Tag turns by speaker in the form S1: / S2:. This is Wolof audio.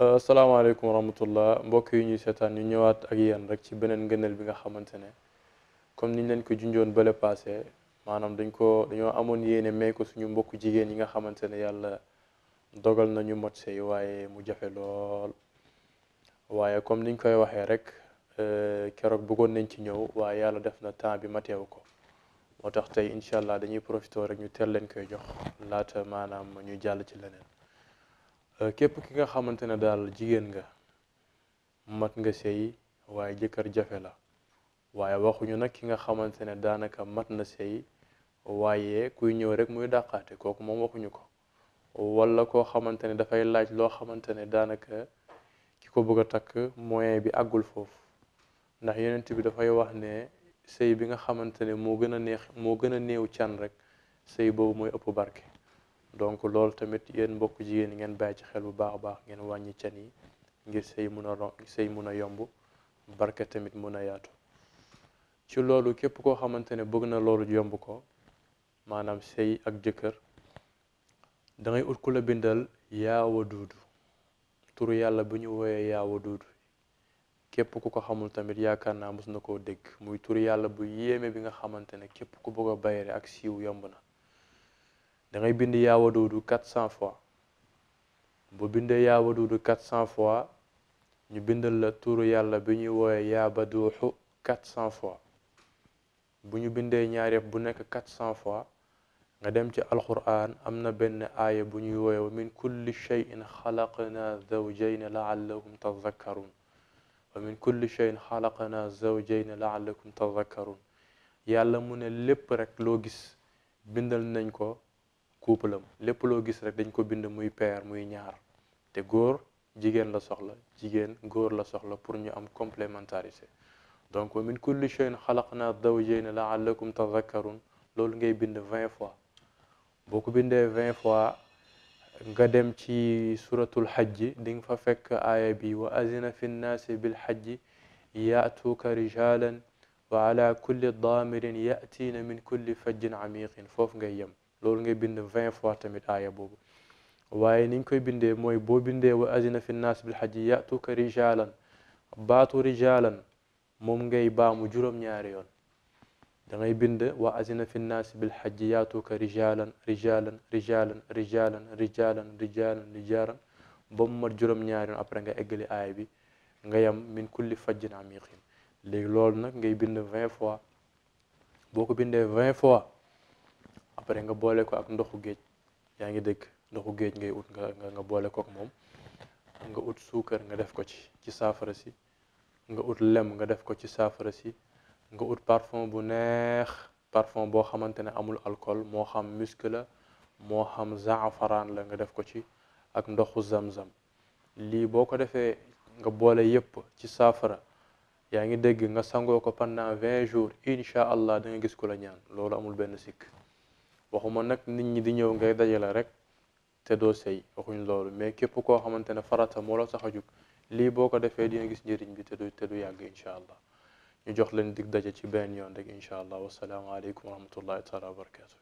S1: Euh, salaamaaleykum wa rahmatullah mbokk yi ñuy seetaan ñu ñëwaat ak yéen rek ci beneen ngëneel bi nga xamante ne comme niñ leen ko junjoon bële passé maanaam dañ ko dañoo amoon yéene may ko suñu mbokku jigéen yi nga xamante ne yàlla dogal nañu mot sey waaye mu jafe lool waaye comme niñ koy waxee rek euh, keroog buggoon nañ ci ñëw waaye yàlla def na temps bi mateew ko moo tax tey incha allah dañuy profité rek ñu teel leen koy jox laata maanaam ñu jàll ci leneen Euh, képp ki nga xamante ne daal jigéen nga mat nga sëy waaye jëkkër jafe la waaye waxuñu nag ki nga xamante ne daanaka mat na sëy waaye kuy ñëw rek muy dàqaate kooku moom waxuñu ko wala koo xamante ne dafay laaj loo xamante ne daanaka ki ko bëgg a takk moyen bi àggul foofu ndax yonent bi dafay wax ne sëy bi nga xamante ne moo gën a neex moo gën a néew can rek sëy boobu mooy ëpp barke donc loolu tamit yéen mbokk jigéen ngeen bàyyi ci xel bu baax a baax ngeen wàññi can yi ngir sëy mun a sëy mun a yomb barke tamit mun a yaatu ci loolu képp koo xamante ne bëgg na loolu yomb ko maanaam sëy ak jëkkër da ut ku bindal yaawa duudu turu yàlla bu ñu woowee yaawa duudu képp ku ko xamul tamit yaakaar naa mos na koo dégg muy turu yàlla bu yéeme bi nga xamante ne képp ku bëgg a bayre ak siiw yomb na dangay bind yaa waduudu quatre cent fois bu bindee yaa waduudu quatre cent fois ñu bindal la tuuru yàlla bi ñuy woowe yaa baduuxu quatre cent fois bu ñu bindee ñaaref bu nekk quatre cent fois nga dem ci alquran am na benn aaya bu ñuy woowe min kulli cheyin xalaqna zawjayna laalakum tazakkarun wa min kulli cheyin xalaqna zawjayna laalakum tazakkarun yàlla mu ne lépp rek loo gis bindal nañ ko couple am lépp loo gis rek dañ ko bind muy paire muy ñaar te góor jigéen la soxla jigéen góor la soxla pour ñu am complémentarité donc wa min kulli shay'in xalaqna zawjayni la'allakum tadhakkarun loolu ngay bind vingt fois boo ko bindee vingt fois nga dem ci suratul xajji di nga fa fekk aaya bi wa azina fi nnaasi bil xajji yaatuuka rijalan wa ala kulli daamirin yatiina min kulli fajjin amiqin foofu ngay yem loolu ngay bind vingt fois tamit aaya boobu waaye niñ koy bindee mooy boo bindee wa azina fi nnaas bil xajji yatuka rijalan baatu rijalan moom ngay baamu juróom yoon da bind wa azina fi nnaas bil xajji yatuka rijalan rijalan rijalan rijalan rijalan rijalan rijalan ba mu mat juróom-ñaari yoon après nga eggali aaya bi nga yam min kulli fajjin amiqin léegi loolu nag ngay bind vingt fois boo ko bindee vingt fois pare nga boole ko ak ndoxu géej yaa ngi dégg ndoxu géej ngay ut nga nga boole ko ak moom nga ut suukar nga def ko ci ci saafara si nga ut lem nga def ko ci saafara si nga ut parfum bu neex parfum boo xamante ne amul alcool moo xam musc la moo xam zaafaraan la nga def ko ci ak ndoxu zam-zam lii boo ko defee nga boole yépp ci saafara yaa ngi dégg nga sangoo ko pendant vingt jours incha allah da nga gis ko la ñaan loolu amul benn sikk waxuma nag nit ñi di ñëw ngay dajale rek te doo sey waxuñ loolu mais képp koo xamante ne farata moo la sax a jug lii boo ko defee dina gis njëriñ bi te du te du yàgg incha allah ñu jox leen dig daje ci benn yoon rek incha allah wasalaamualeykum wa rahmatullahi taala wa barakatu